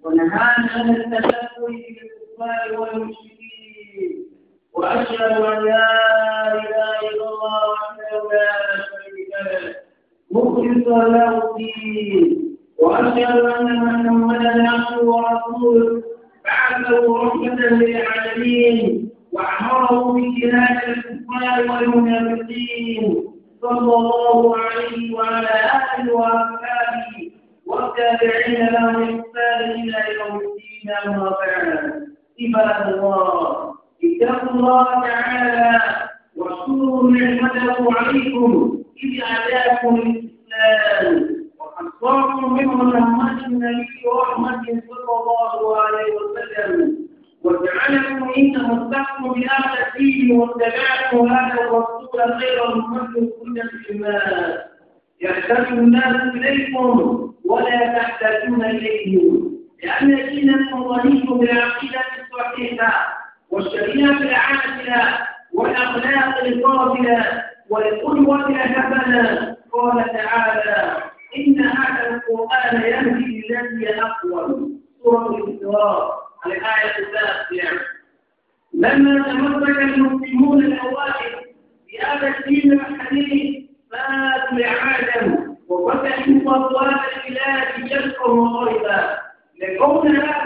ونهانا عن التشبه بالكفار والمشركين وأشهد أن لا إله إلا الله وحده لا شريك له مخلصا له الدين وأشهد أن محمدا عبده ورسوله بعثه رحمة للعالمين من بجهاد الكفار والمنافقين صلى الله عليه وعلى آله وأصحابه والتابعين لهم إحسان إلى يوم الدين أما بعد عباد الله اتقوا الله تعالى واشكروا نعمته عليكم إذ أعداكم الإسلام وحصركم منه مهمة النبي ورحمة صلى الله عليه وسلم وجعلكم إن مصدقتم بهذا الدين واتبعتم هذا الرسول وكنتم خير أمة أخرجت للناس يحتاج الناس إليكم ولا تحتاجون إليهم لأن دينكم غني بالعقيدة الصحيحة والشريعة العادلة والأخلاق الفاضلة والقدوة الحسنة قال تعالى إن هذا القرآن يهدي للذي أقوم سورة الإسراء الآية التاسعة لما تمسك المسلمون الأوائل بهذا الدين الحديث فاتوا العالم وفتحوا ابواب البلاد شرقا وغربا لكونها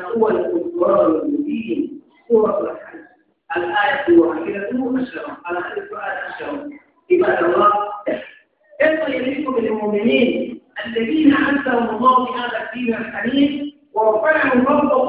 هو الكفران المبين سورة الحج الآية الواحدة عشرة الحديث الآية عشرة عباد الله كيف يليق المؤمنين الذين أنزلهم الله بهذا الدين الحنيف ورفعهم ربهم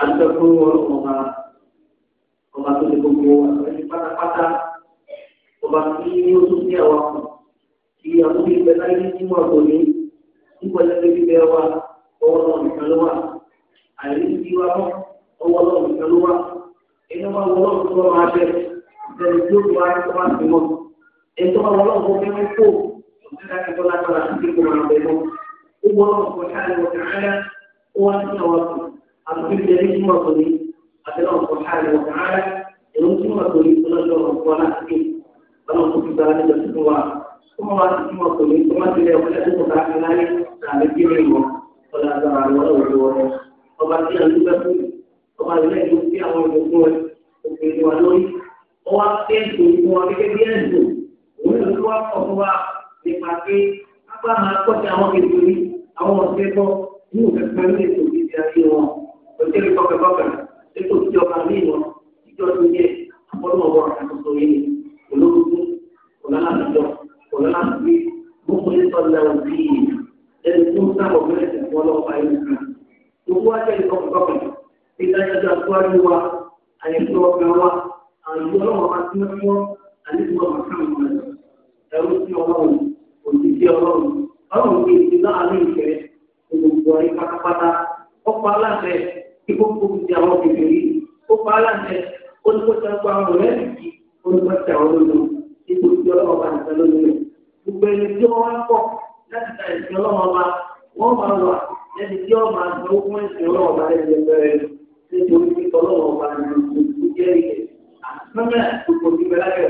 àtọ́kọ́ ọba ọba tó lè gbogbo àtọ́jú pátápátá ọba tí ó tún sí àwa kù kí àtúntò ìgbẹ́ láyé tí wọ́n kò ní nípa ìlẹ́gbẹ́ bíbẹ́ wa ọwọ́ náà nìkan ló wà àìrí ti wá mọ́ ọwọ́ náà nìkan ló wà ẹni wọn wọ́n lọ́wọ́ tó máa bẹ̀ ẹni tí ó fi wá tó máa fi mọ́ ẹni tó máa wọ́n lọ́wọ́ tó fẹ́ẹ́ kó ọ̀sẹ̀ láti kọ́ lágbára àti kó máa bẹ̀ mọ́ ó wọ́n lọ́wọ́ tó ká àtúntò ìjẹ́ ní túmọ̀ tó ní àtẹnáwó kò hàlẹ̀ wọ̀ káàlà ẹ̀rọ túmọ̀ tó ní ọlọ́dọ̀ ọ̀pọ̀ láti dé ọlọ́run tó fi gbára níjọ tuntun wa kó mọ̀ wá sí túmọ̀ tó ní kó má tilẹ̀ wọlé tó kọ̀ káàkiri láyé tàbí kí ni wọ ọ̀là àgbàrá wọn ò lọ wọn ọba tí a dúpẹ́ fún ọba ilé ìlú tí àwọn ìdókòwò òkè ìwà lórí ọwọ́ akẹ́kọ̀ọ́ ìfún wa gẹ́gẹ́ bí ẹ̀sùn òun ìlú wa kọ̀ fún wa nípa pé apá máa kọ́ sí àwọn ìdòwí àwọn ọ̀sẹ̀ bọ́ ní òkè kan ètò ìdí ayé wọn òṣèlú kọkẹkọkẹ ètò ìjọ kan ní ìwọ ìjọ tó yẹ ọlọ́wọ́ wọn àtúntò yìí olórúkú ọ̀làlàjọ ọ̀làlàjọ gbogbo nípa ìlànà bí ẹni tó ń sábà bẹ́rẹ̀ sí fún ọlọ́wọ́ ayé nìkan gbogbo ajẹ́lẹ̀ kọkẹkọkẹ nígbà yẹn aṣáájú wa àyẹ̀kọ́ ọ̀gá wa àyẹ̀kọ́ ọlọ́wọ́ máa ti mọ́ wọn àlejò ọmọ káàmù rẹ̀ ẹ̀rú sí ọlọ́run òṣìṣẹ́ ọlọ́run ikú kúkú ti àwọn kékeré ó pa aláǹtẹ olùkọ́sí ọgbà ọ̀rọ̀ rẹ̀ kì í olùkọ́sí àwọn olùkọ́ ipò tí ọlọ́wọ́ bá nìkan lónìí rẹ̀ gbogbo ẹni tí wọ́n wá pọ̀ láti ta ìsìn ọlọ́wọ́ bá wọ́n máa wà lẹ́ni tí wọ́n máa gbọ́ fún ìsìn ọlọ́wọ́ bá lẹ́ni bẹ̀rẹ̀ nítorí pé ọlọ́wọ́ bá ní ojú jẹ́ ìyẹn àtúntàn gbogbo ìgbẹ́ lábẹ́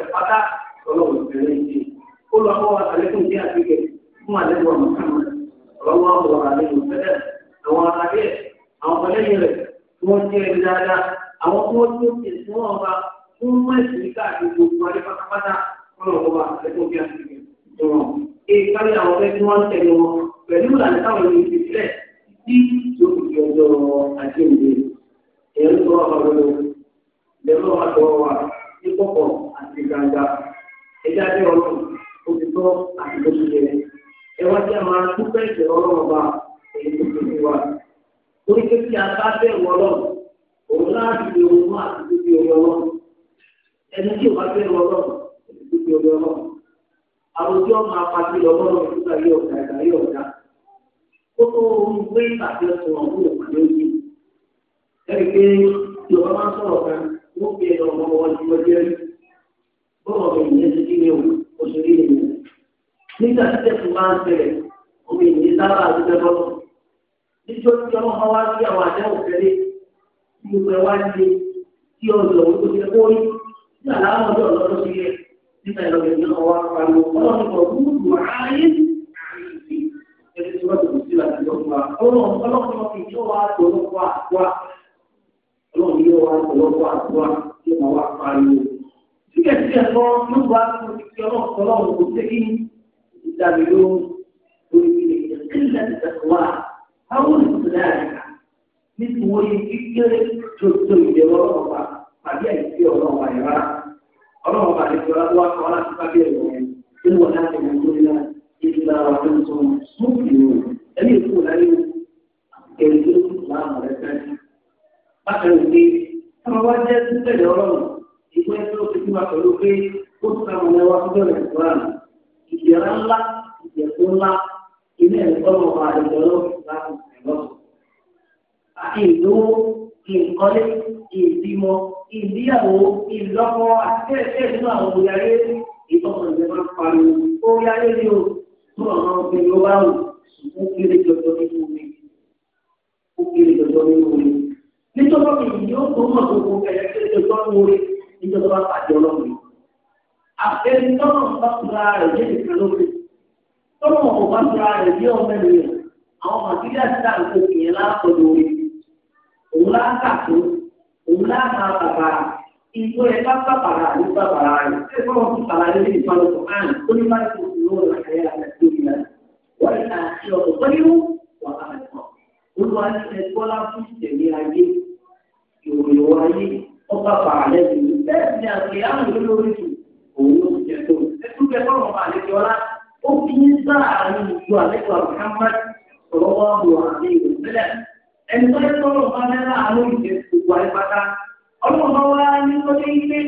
wọ́n jẹ́ ẹni dáadáa àwọn tó tó tẹ̀sán wọn bá fún mẹ́sì káàkiri gbogbo alẹ́ pátápátá wọn lọ wọ́n bá ẹ̀kọ́ bí aṣèlú wọn. èyí kárí àwọn fẹ́ tí wọ́n ń tẹ̀lé wọn pẹ̀lú ìlànà táwọn ènìyàn ti sílẹ̀ tí tó fi di ọjọ́ àjẹ́ǹde. ẹ̀rù tó wà pàdé o lẹ́nu wà tó wà ní àti gbangba ẹja jẹ́ ọlọ́run òtítọ́ àti lóṣù yẹn ẹ wá jẹ́ máa dúpẹ́ ìṣẹ̀lọ́rọ̀ ọba èyí tó ti wà torí pé tí a bá bẹ̀rù ọlọ́run òun láti lè ronú àti dúdú orí ọlọ́run ẹni tí ò bá bẹ̀rù ọlọ́run àti dúdú orí ọlọ́run àròjọ máa pàṣẹ ọlọ́run nígbà yóò ga ìgbà yóò ga ó tó ń gbé ìpàdé ọ̀sán ọ̀hún òkú lójú ẹni pé tí ọba máa ń sọ̀rọ̀ kan ó fi ẹ̀rọ ọmọ wọn ti wọ́n jẹ́ bọ́ọ̀ mi ìyẹn ti kí ni o oṣù kí ni o nígbà tí tẹ̀sán máa ń tẹ̀lẹ̀ omi ìyẹn sábà nítorí tí ọmọ wa sí àwọn àdáwò fẹ́lẹ́ tí gbogbo ẹ̀ wá ṣe tí ọ̀dọ̀ òun tó ṣe kórí tí àlàáfọ̀ ọjọ́ ọ̀dọ́ tó ṣe yẹ nígbà ìlọ́gbẹ̀ ní ọmọ wa pariwo ọlọ́run kò gbúgbù àárín ẹni tí wọ́n ti kù sí láti lọ́gbù wa ọlọ́run ọlọ́run kò fi yóò wá tó lọ́gbù àgbà ọlọ́run yóò wá tó lọ́gbù àgbà tí ọmọ wa pariwo. síkẹ̀síkẹ̀ lọ nígbà tó ti fi ọlọ́run kò Tahu sebenarnya, ini semua yang kita justru dia orang apa? Tadi yang dia orang apa ya? Orang apa yang kita lakukan orang sebagai orang. Ini bukan dengan kita kita akan sungguh. Jadi itu ilé ẹ̀kọ́ náà wà lọ́jọ́ lọ́wọ́ lọ́wọ́. Ìlówó, ìkọ́lé, ìbímọ, ìbíyàwó, ìlọ́kọ àti bẹ́ẹ̀ bẹ́ẹ̀ nínú àwọn òyàrá ìtọ́kọ̀ ìjọba pariwo. Òyàrá ni o, tó ọ̀nà obìnrin ó bá wù, ṣùgbọ́n kéré jọjọ nínú omi. Ó kéré jọjọ nínú omi. Nítorí ọ̀pọ̀ ìdí ó tó mọ̀ tó kó kẹ̀yẹ́ kéré jọjọ nínú omi níjọba pàdé ọlọ́run. Àfẹ́ni tọ́nà ń bá kúra rẹ̀ tọ́lọ̀ ọ̀hún bá tura rẹ̀ bí ọ̀hún bẹ́ẹ̀ lè àwọn màtíríà ti dáa nǹkan òkè yẹn láàpọ̀lọ̀ rẹ̀ òun láǹkà tó òun láǹkà bàbà ìgbó yẹn bá bàbàrà ní bàbàrà rẹ̀ ṣé fọlọ́ ti sàlàyé ní ìbálòpọ̀ àn ó ní bá ti sùn lóòrùn àkàyà àti ìlà wọ́n ti àti ọ̀pọ̀ pẹ́lú wàhálà olúwa ní ẹgbọ́n láti tẹ̀lé ayé ìròyìn ayé ọba bàálẹ̀ bẹ́ẹ̀ ti jẹ tó ẹtú bẹ fọlọ́ ó fi ń sáàárín ìlú àlẹ́kọ̀ọ́ Muhammad sọ̀rọ̀ wá bò àmì ìrọ̀lẹ́. ẹni tó ń sọ̀rọ̀ bá mẹ́rà àwọn ìjẹ́ gbogbo àyípadà ọlọ́mọ wa ní lórí ilé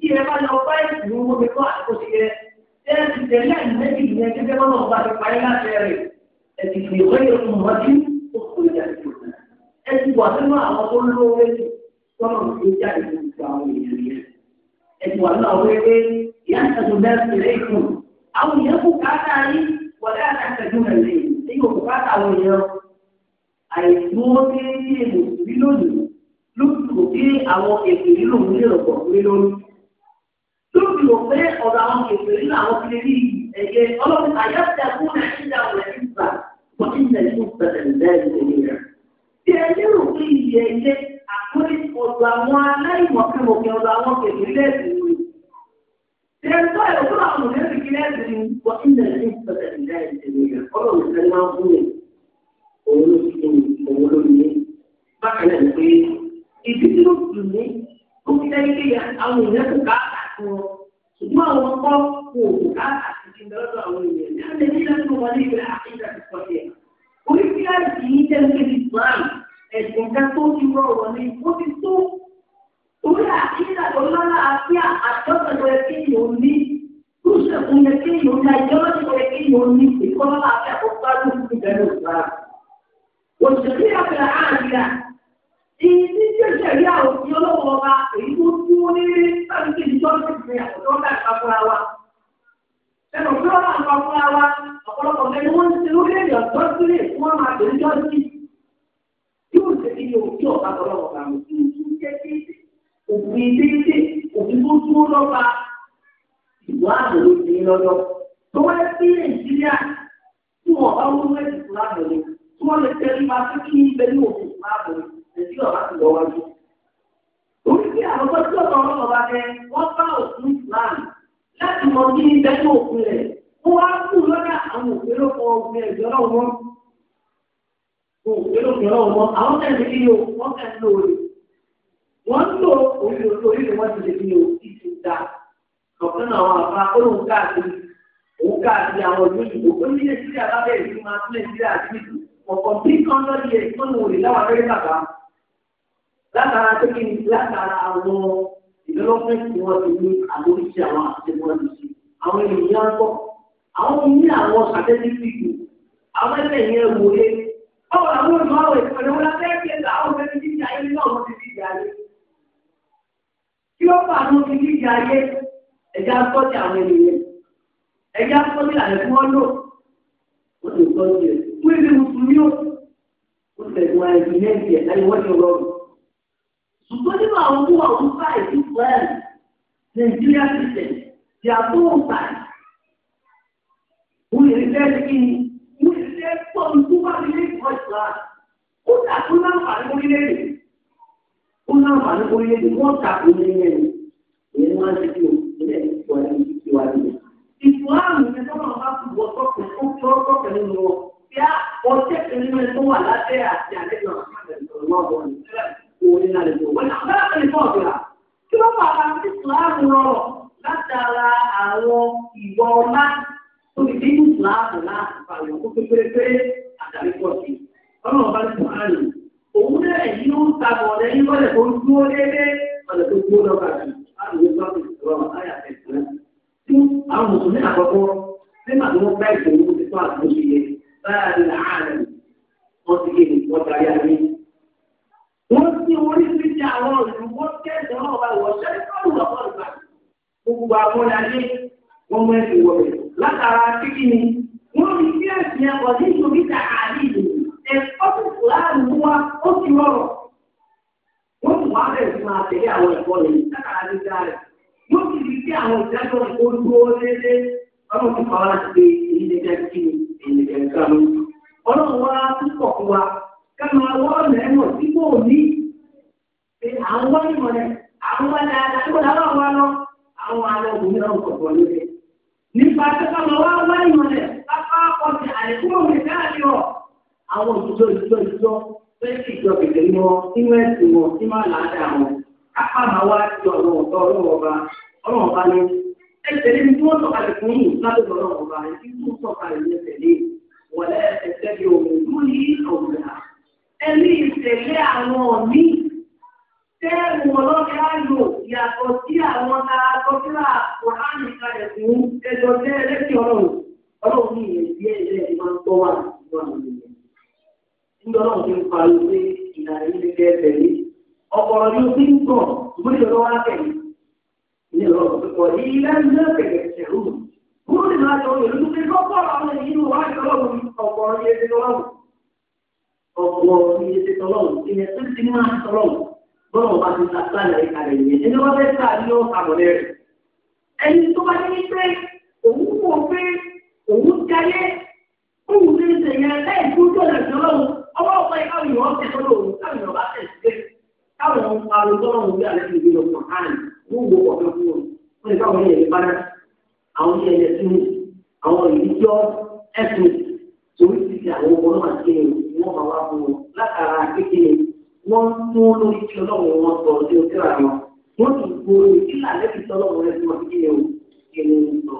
tí ẹ bá lọ bá ìlú owó mi kọ́ àkóso yẹ ẹ ti tẹ̀lé àìmẹ́jì yẹn gẹ́gẹ́ bọ́lá ọba ti parí láti rẹ̀ ẹ ti fi ìwé yẹn fún wọn tí ó kó ìjà sí òkú ẹ ti wà nínú àwọn tó lóore tọ́nà tó jáde fún ìgbà àwọn èèyàn yẹn ẹ ti wà nínú àwọn ewé ìyá ìtàkùn bẹ́ẹ̀ àwọn èèyàn kò káàtà yín wọlé àtàkàjú nàlẹ́ èyí kò káàtà àwọn èèyàn àìsúnwó déédéé mùsùlùmí lónìí lókùnkùn bí àwọn èkìrí lòun lè rọ̀pọ̀ pé lórí lókùnkùn lò pé ọ̀dọ̀ àwọn èkìrí làwọn fi lè rí ẹ̀yẹ ọlọ́run àyàtẹ̀ fún nàìjíríà rẹ̀ nígbà wọ́n ti tẹ̀lé fún pẹ̀lẹ́dẹ́ ìgbòmìnira. bí ẹ lérò pé ìyẹ̀yẹ àkórí ọ̀dọ̀ àwọn aláìmọ̀kẹ́mọ̀kẹ́ ọ̀dọ̀ àwọn èkìrí lẹ́sìn لأن طائر طلع من هذه الكلاب وإن الحسبة لله جميعا قالوا مثلا هم ونسكن ونسكن معنى البيت ìdílé òsùnmí ó fi dájú pé àwọn èèyàn kò ká àti wọn ṣùgbọ́n àwọn kọ́ kò kò ká àti ti lọ́dọ̀ àwọn èèyàn ní àná nílẹ̀ tó wọlé ìwé àkíńdà ti pọ̀ jẹ́ orí fíláàsì yìí jẹ́ nípa ìsìláàmù ẹ̀sìn ká tó ti rọrùn ni ó ti tó Orí àkíńdà tó lọ́la àti àjọpọ̀ tó yẹ kí ni ò ní. Túṣe kò yẹ kí ni ò ní àjọpọ̀ tó yẹ kí ni ò ní. Ìkọ́ lọ́la àti àkọ́kọ́ tó kú ìbẹ̀rẹ̀ òkúra. Òṣèlú àgbà àríyá. Ìdí tí òṣèlú àwọn òfin ọlọ́wọ́ ọba èyí tó kú ní sábì kí ìjọ ti fi àkọ́kọ́ dá ìpapòra wa. Ẹnu pé wọ́n máa ń papòra wa, ọ̀pọ̀lọpọ̀ mẹ́rin wọ́n ti lórí èdè ọ̀dọ́ sílẹ̀ fún ọmọ àgbẹ̀ ìjọ sí. Yóò ṣe kí ni òfin ọ̀pá òfin déédé òfin tó dúró lọ́ba ìwà àbòrò ní lọ́dọ̀ tó wá sí nàìjíríà tí wọ́n bá wọ́n wẹ́ẹ̀sì fún àbòrò tí wọ́n lè tẹ́lẹ̀ máa fi kí ibẹ̀ ní òfin fún àbòrò nàìjíríà bá ti lọ wájú. orí kí àwọn tí ọ̀dọ̀ ọlọ́run bá fẹ́ wọ́n bá òfin islam láti mọ kí ibẹ̀ ní òfin rẹ̀ wọ́n wá kú lọ́dà àwọn òfin lóko òfin ẹ̀jọ́ wọ́n ń lò orí orí ni wọ́n ti lè ní òkú ti da ọ̀kan náà àwọn àfa olóhùn káàkiri òun káàkiri àwọn ọdún ìbò ó ní nàìjíríà lábẹ́ ìlú máa tún nàìjíríà àti ọ̀pọ̀ bí kan lọ́ọ́ yẹ kí wọ́n lè láwọn abẹ́rẹ́ bàbá látara pé kí ni látara àwọn ìdọ́lọ́fẹ́ tí wọ́n ti ní àlóríṣi àwọn àtẹ̀wọ́n ti ṣe àwọn ènìyàn ń bọ̀ àwọn ní àwọn sàtẹ́tìfìkì àwọn ẹgbẹ́ yẹn wòye kí ó fà ló fi kíkì ayé ẹ̀já sọ́ọ̀tì àwọn ènìyàn ẹ̀já sọ́ọ̀tì àlẹ́ fún ọ́ lò wọ́n ti sọ́ọ̀tì rẹ̀ fún èdè mùsùlùmí ó ó tẹ̀sí wọn ẹ̀sìn ní ẹ̀sìn ẹ̀ka wọ́n ti rọrùn. ṣùgbọ́n nínú àwọn owó àwọn fáì sí fúlẹ́ẹ̀n nàìjíríà ti àtúwọ̀n fáì wọ́n lè fẹ́ wọ́n lè fẹ́ pọ̀ nígbà wọ́n lè fọ́ ìtura ó dàtú náà ó láǹfààní orílẹ̀-èdè wọ́n ta orílẹ̀ ẹni ìyẹn máa ń ṣe kí o ilé ìfọ̀ ẹni ti wá nílẹ̀. ìfọ̀ àrùn yẹn tó máa bá wọ sọ́kùn ó fi ọ́ sọ́kùn nínú wọn bí a ọjọ́ ìpinnu mẹ́rin tó wà lábẹ́ àti àlejò àwọn àgbẹ̀ ìṣòro náà wọ̀ ní sílẹ̀ òun ní àlejò wọn ní àbẹ́rẹ́ pẹ̀lú ọ̀gbìn rà kí ló fà á sí ìsìláàmù rọrọ̀ látara àwọn ìwọ ọlá tó fi dín ìsìláàmù láàbù òun náà yìí ó ń ta ọ̀nà yìí lọ́lẹ̀ tó ń dúró déédé ọ̀nà tó dúró lọ́gbà jù láti wọ́n bá fi ìṣòro àwọn táyà tẹ̀ sí tí àwọn mùsùlùmí àkọ́kọ́ nígbà tí wọ́n bá ìṣòro ti tó àtúnṣe yẹ báyìí láàárín wọn ti kéde wọ́n darí ayé. wọ́n ti orí fi ti àwọn ìlú wọ́n kẹ́sàn án ọba ìwọ̀ṣẹ́ gbogbo àwọn ẹ̀kọ́ láàánú wa ó ti rọrọ̀. Wọ́n mú wa bẹ̀rẹ̀ sí máa tẹ̀lé àwọn ẹ̀kọ́ rẹ̀ yìí sákàrà ní rẹ̀. Yóò ti di sí àwọn ìdájọ́ ojú olédé. Ọlọ́run ti fọwọ́ láti gbé èyí lè jẹ́ kí èyí Ọlọ́run wá púpọ̀ fún wa ọ̀nà ẹ̀mọ̀ tí kò ní. àwọn àwọn ìjọ ìjọ ìjọ fẹ́ẹ́sì ìjọ kẹ̀kẹ́ ní wọn nínú ẹ̀sìn wọn tí máa là á dà wọn kápá máa wá sí ọ̀rọ̀ ọ̀tọ̀ ọlọ́wọ́ ọba ọlọ́wọ́ ọba ni ẹsẹ̀ lé ní tí wọ́n sọ̀kalẹ̀ fún yìí lábẹ́ ọlọ́wọ́ ọba ẹni tí wọ́n sọ̀kalẹ̀ ní ẹsẹ̀ lé wọlé ẹsẹ̀ bí omi tó ní ọ̀gbà ẹni ìṣẹ̀lẹ̀ àwọn ọ̀mí tẹ́ẹ̀mù ọlọ́kẹ́ ayò yàtọ̀ sí àwọn alákọ̀ọ́kíra kùránì kalẹ̀ nígbà náà ti ń parí pé ìlànà yìí ti kẹ́ tẹ̀lé ọ̀pọ̀lọ̀ yóò ti ń tàn ṣùgbọ́n ìjọba wa tẹ̀lé ní ọ̀rọ̀ pípọ̀ yìí lẹ́nu tẹ̀lé tẹ̀lú kúrò nínú àjọ òyìnbó pé kọ́kọ́ àwọn èyí ló wá ìtọ́lọ́run ọ̀pọ̀lọ̀ yẹn ti tọ́lọ́run ọ̀pọ̀lọ̀ yẹn ti tọ́lọ́run ìyẹn tó ti máa ń tọ́lọ́run bọ́lá ọba ti ta sáàlì àyíkalẹ̀ yìí ẹni wọ́n fẹ́ sáà ní ọ̀sà àbọ̀lẹ̀ rẹ̀. ẹni tó bá ní pé òun wò pé òun jayé òun ti ń sèyàn lẹ́yìn tó tó lẹ̀ sí ọlọ́run ọwọ́ ọ̀pá ìka mi wọ́n tẹ̀ sọ́dọ̀ òun káwọn ọba tẹ̀ sílẹ̀ káwọn alùpùpù wí alẹ́ ìlú lọ pọ̀ káàní wọ́n wò ọ̀pẹ fún wọn wọ́n ní káwọn yẹn padà àwọn yẹn yẹn tún àwọn ìdíjọ́ ẹ̀sùn torí ti di àwọn ọmọ náà kéwòn wọ́n máa wá fún wọn látara kékeré wọ́n tún lórí tí ọlọ́run wọn sọ ọdún tí ra wọn wọ́n tún gbòòrò ìdílà lẹ́bi tí ọlọ́run rẹ̀ fún akékeré o kéwòn ń sọ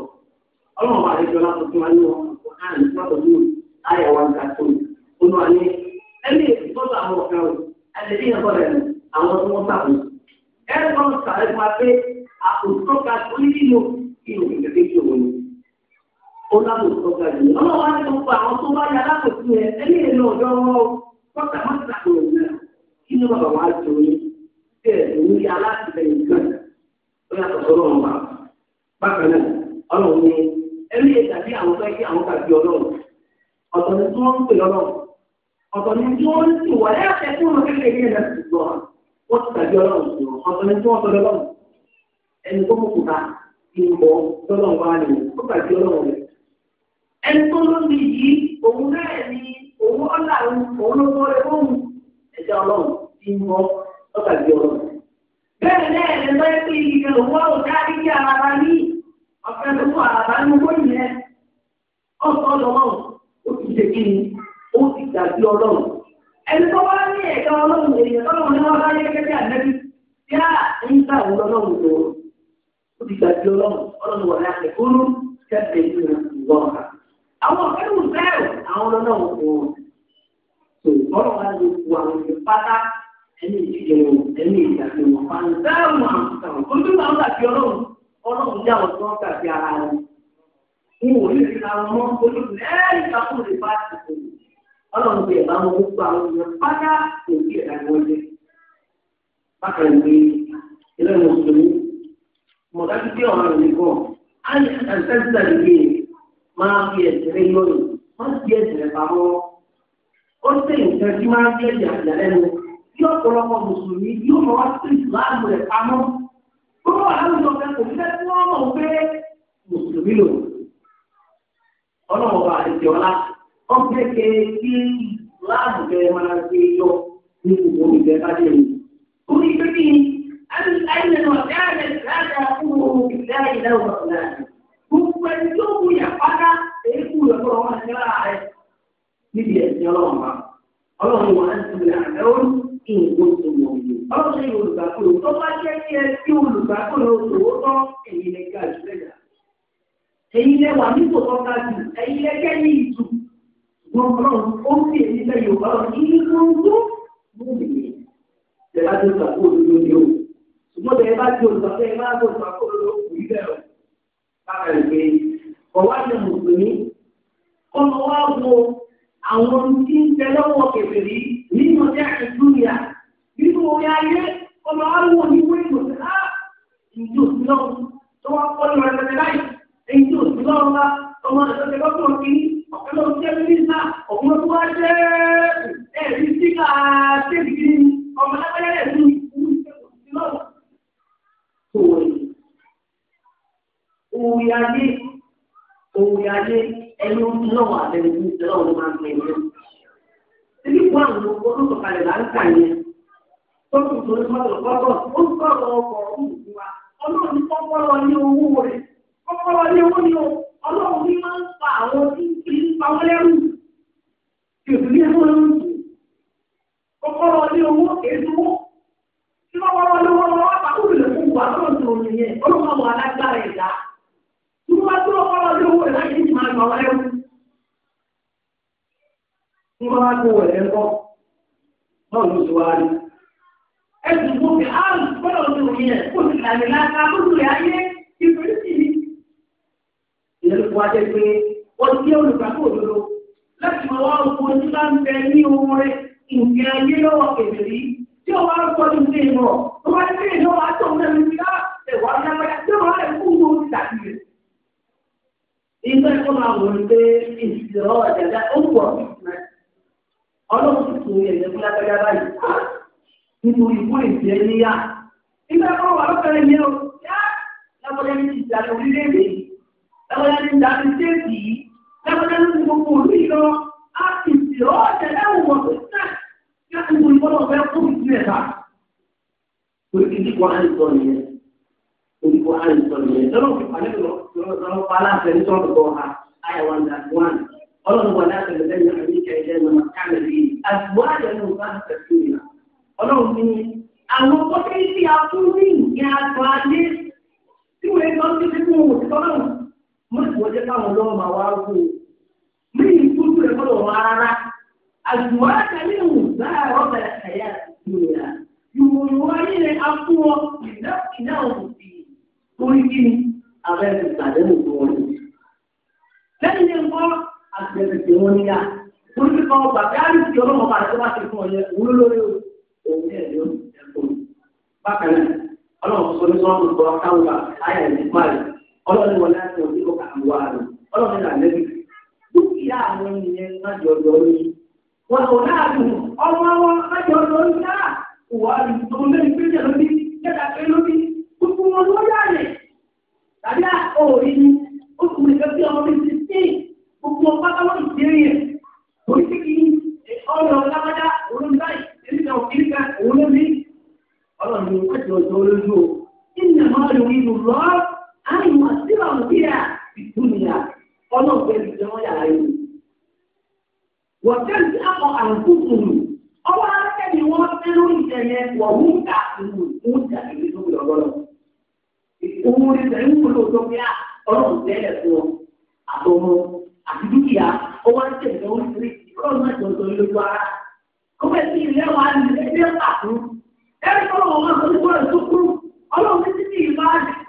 ọlọ́run àlejò alákòókò wọn ní wọn kò hàn ní pàtó ní àyàwó àgbà tó ní olúwa ní ẹni ìfọ́sọ àwọn ọ̀kan o ẹni ìyẹn bọ̀rẹ̀ àwọn tó wọ́n sàkó ẹni kan sàrẹ́ fún wa pé àkóso ka tó nínú ìlú ìgbẹ́gbẹ́ tí òun ni ó lábò tó ga jù ọmọ wa ni gbogbo àwọn tó bá yà lákòókò yẹn ẹni ìlú ọ̀dọ́ wọn o kọ́kà má sàkó òun kí ni bàbá wa jò ní bẹ́ẹ̀ ní alátìlẹyìn kan ó yàtọ̀ sọ́dọ̀ wọn bá bákan náà ọlọ́run ni ẹni ìtàgé àwọn fẹ́ kí àwọn kàgbé ọ̀tọ̀ ni tí wọ́n ń pè ọlọ́run ọ̀tọ̀ ẹni tó kókò ká ìmọ̀ tọ́lọ́run bá ó tàbí ọlọ́run rẹ̀. ẹni tó ló ti yí òun náà ni òun ọ̀là òun ló mọ ẹ̀fọ́n ẹ̀jẹ̀ ọlọ́run ti mọ ó tàbí ọlọ́run. bẹ́ẹ̀ náà ẹ̀ tó kọ araba ẹ̀dá sí ọlọ́run. ẹni tó wá ní ẹ̀dá ọlọ́run èèyàn tọ́lọ́run ní wọ́n bá yẹ kẹ́kẹ́ ànẹ́bí tí a ń gbà wọ́n lọ́run lò ó ti gbà sí ọlọ́run ọlọ́run wọ̀ láti kúrú kẹ́kẹ́ ìlú ìwọ̀n. àwọn akẹ́kọ̀ọ́ bẹ́ẹ̀ àwọn ọlọ́run kò ọlọ́run wá lè wo àwọn ìlú pátá ẹni ìdíje wọn ẹni ìdàgbé wọn fàǹdáàmù àwọn ọ̀sán àwọn tàbí ọlọ́run ti ẹ̀bá wọn gbogbo àwọn èèyàn pátá kò sí ẹ̀dá ni wọ́n jẹ́. bákan ìwé ilé mùsùlùmí mọ̀dájú bí ọ̀rọ̀ rẹ̀ kọ̀ àìsẹ́sílẹ̀ nìyí máa fi ẹ̀sìn rẹ̀ yọ̀yọ̀ wọ́n fi ẹ̀sìn rẹ̀ pamọ́. ó ṣe nǹkan tí máa ń fi ẹ̀jẹ̀ àjà lẹ́nu bí ọ̀pọ̀lọpọ̀ mùsùlùmí yóò mọ̀ wá sí ìsìláàmù rẹ̀ pamọ́. gbogbo àlùjọ fẹ́ kò fẹ́ tí wọ́n ọ̀pẹ̀kẹ̀ tí láàbù bẹ̀rẹ̀ máa gbé yọ ní gbogbo ìgbẹ́ bájẹ́ mi. Orí pé kí ẹni ẹ̀yìn náà dáàbẹ̀ dáadáa fún ohun ìgbà ìlà òkàtà rẹ̀. Gbogbo ẹni tó kú yà pátá èékú rẹ̀ fún ọmọ ẹ̀sìn lára rẹ̀ níbi ẹ̀sìn ọlọ́run bá. Ọlọ́run wà á ti rẹ̀ àbẹ̀ ó ní ìwọ̀n tó wọ̀ mí. Ọlọ́run ṣe olùgbàkúrò tó bá jẹ́ kí ẹ sí olùgbàkúrò tòótọ́ ẹ̀yin lẹ́gà jù lẹ́gà. Ẹ̀yin lẹ́wà nípò tó jù, ẹ̀yin lẹ́gẹ́ ní ìtù wọn ọlọ́run ó ń pè nílẹ̀ yorùbá wọn ní gbogbo gbogbo ìjọba tó gbà kó olódó ni o ṣùgbọ́n tẹ ẹ bá ti olùgbà tẹ ẹ bá tó gbà kó olódó kù í bẹ̀rù bára rẹ̀ pé ọ̀wá ni mùsùlùmí ọmọ wa wo àwọn tí ń tẹ lọ́wọ́ kẹfìrí nínú ọjà ìdúnyà nínú orí ayé ọmọ wa wo ní wíwò sí á ìjọ sí lọ́wọ́ tó wá kọ́ ní ọ̀rẹ́ tẹ̀lé báyìí lọ́wọ́ ọ̀kan ló ń jẹ́ mínísà ọ̀kan tó wá jẹ́ ẹ̀rí síkà tẹ́lifí ọmọ rẹ̀ ní ìlú ìṣẹ́kùsí O ayé ẹni ó lọ́wọ́ àbẹ̀rẹ̀ ní máa ń pè àwọn ń kà yẹn. Tọ́kù tó ń ó ń wa. Ọlọ́run ní owó rẹ̀ ní owó ọlọ́run ní máa ń fa àwọn tí ń fi ń pa wọ́n lẹ́rù tí òbí ní ẹ̀fọ́ lọ́rùn jù kọ́kọ́rọ́ ní owó èso tí wọ́n wọ́n wọ́n lọ́wọ́ lọ́wọ́ àkókò lè fún wa tó ń tó ní yẹn ọlọ́run àwọn alágbára ẹ̀dá tí wọ́n bá tó kọ́kọ́rọ́ ní owó rẹ̀ láti ní máa gbà wọ́n lẹ́rù. ń bá gbowó ẹ̀ lọ́ náà ló ti wá ẹ̀sùn gbòmí fi jẹ́ pé wọ́n jẹ́ olùgbàgbọ́ òdodo láti máa wá owó tí bá ń bẹ ní ohun rẹ̀ ìgbìn ayé lọ́wọ́ kèfèrí tí ó wá ń ní ilé ìmọ̀ tó bá dé ilé ìjọba tó ń bẹ̀rù sí ah, ẹ̀wà yára tí ó wá rẹ̀ fún un ti dàbí rẹ̀. Ìgbà ẹ̀kọ́ máa wọ̀ ní pé ìṣirọ́ ọ̀dàdà ó pọ̀ ọlọ́run ti tún ẹ̀wọ̀n ẹni dàbí déètì yìí ẹ̀wọ̀n ẹni gbogbo òlú yìí lọ á ti sì kí ní sí mi. ní àwọn pọ́tẹ́ẹ̀tì tí wọ́n ń lọ sí fífún òwò mọ̀tò jẹ́ káwọn lọ́wọ́ máa wá wò ó ní ìtújú rẹ̀ gbọ́dọ̀ wọ́n rárá àjùwọ́ àtẹ̀lé ìwù láàárọ̀ ọ̀bẹ̀ ẹ̀yà ìròyà ìwòrò ayé rẹ̀ á fún ọ ìdá ìdá òkú sí i torí kí ni àwọn ẹ̀sìn ìpàdéwò tó wọ́n lò. lẹ́yìn ní nǹkan àgbẹ̀bẹ̀tẹ̀ wọn níyà torí kíkọ́ bàbá àlùkí ọlọ́mọ bá àti wá ti fún ọ yẹ wúlò lórí òun ní ẹ̀yọ́ ẹ̀kọ́ bákan náà ọlọ́run wọlé àti òbí kọ́ka àwọn àrùn ọlọ́run náà lẹ́bi dúkìá àwọn ènìyàn májọ lọ ní. wọn ò náà dùn ọmọ wọn májọ lọ náà wà á pé lóbi pé lóbi gbogbo wọn ló yà lẹ̀ tàbí ni ó kù ọmọ gbogbo ọ̀rọ̀ ló lọ́ọ́ àyùmọ̀ síbà ń bí a ìdúnìyà ọlọ́ọ̀gbẹ́ ìjọ wọn yàrá yìí. wọ́n tẹ́lẹ̀ sí akọ àǹkú tòun ọwọ́ arákẹ́ ni wọ́n fẹ́ lórí ìjẹyẹ wọ̀ wọ́n kà tòun wọ́n jà níbi tó fi ọ̀dọ́ lọ. òun ìfẹ́ ń wúlò tó bí a ọlọ́run tẹ́lẹ̀ fún ọ àtọmọ àti dúkìá ọwọ́ arákẹ́ ni wọ́n fi ọlọ́run náà jọ̀ọ́ lójú ara. kọ́mẹ́ sí ilé wa ní ẹgbẹ́ pàtó ẹ̀rí kọ́